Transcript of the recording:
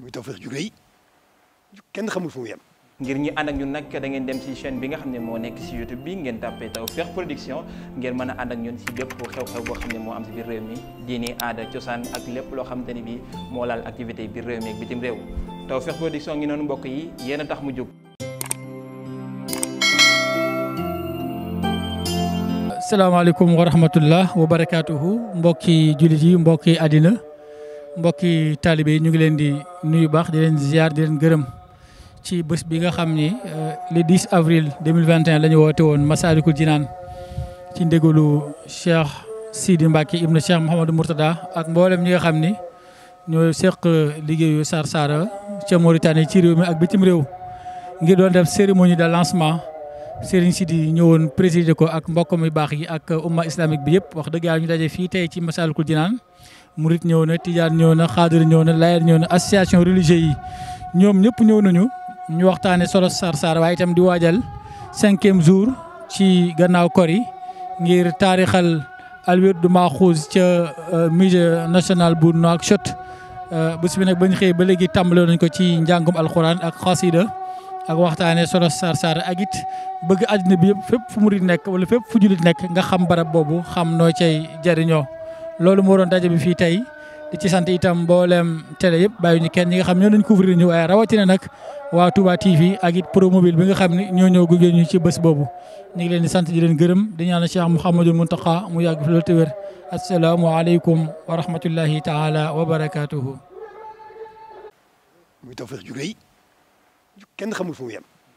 muy Tawfekh ju rëy kenn xamul fu mu ngir ñi ànd ak ñun nag dangeen dem ci chain bi nga xam ne moo nekk ci YouTube bi ngeen tàppee Tawfekh Production ngeen mën a ànd ak ñun ci bépp xew-xew boo xam ne moo am ci biir réew mi diini aada cosaan ak lépp loo xamante ni bi moo laal activité biir réew mi ak bitim réew Tawfekh Production ngi noonu mbokk yi yéen a tax mu jóg. salaamaaleykum wa rahmatullah wa barakaatuhu mbokki mbokki àddina. mbokki taalibe yi ñu ngi leen di nuyu baax di leen ziar di leen gërëm ci bës bi nga xam ni euh, le 10 avril 2021 la ñu woote woon Massalikul Jinaan ci ndégalu Cheikh Sidi Mbacke ibnu Cheikh Mouhamadou Mourtada ak mboolem ñi nga xam ni ñoo seq liggéeyu Sar Sara ca Mauritanie ci réew mi ak bitim réew ngir doon def cérémonie de lancement Serigne Sidi ñëwoon présider ko ak mbokk mi baax yi ak umma islamique bi yëpp wax dëgg yàlla ñu daje fii tey ci Massalikul Jinaan murit ñëw na tijaan ñëw na xaadir ñëw na layeen ñëw na association religieux yi ñoom ñëpp ñëw nañu ñu waxtaane solo Sar Sar waaye itam di waajal cinquième jours ci gannaaw kori ngir taarixal alwirdu Maxuus ca euh, musée national bu Nouakchott euh, bés bi nag bañ xëy ba léegi tàmbale nañ ko ci njàngum alxuraan ak xasida ak waxtaanee solo Sar Sar ak it bëgg àddina bi yëpp fépp fu murit nekk wala fépp fu jullit nekk nga xam barab boobu xam noo cay jariñoo loolu moo doon daje bi fii tey di ci sant itam mboolem télé yëpp bàyyi ñu kenn ñi nga xam ñoo nañ couvrir ñu waaye rawatina nag waa Touba TV ak it promobile bi nga xam ne ñoo ñëw gunge ñu ci bés boobu ñu ngi leen di sant di leen gërëm di ñaanal Cheikh Mouhamadul Mountakha mu yàgg fi loolu te wér asalaamualeykum wa rahmatullahi taala wa barakaatuhu. muy tawfeex ju rëy kenn xamul fu mu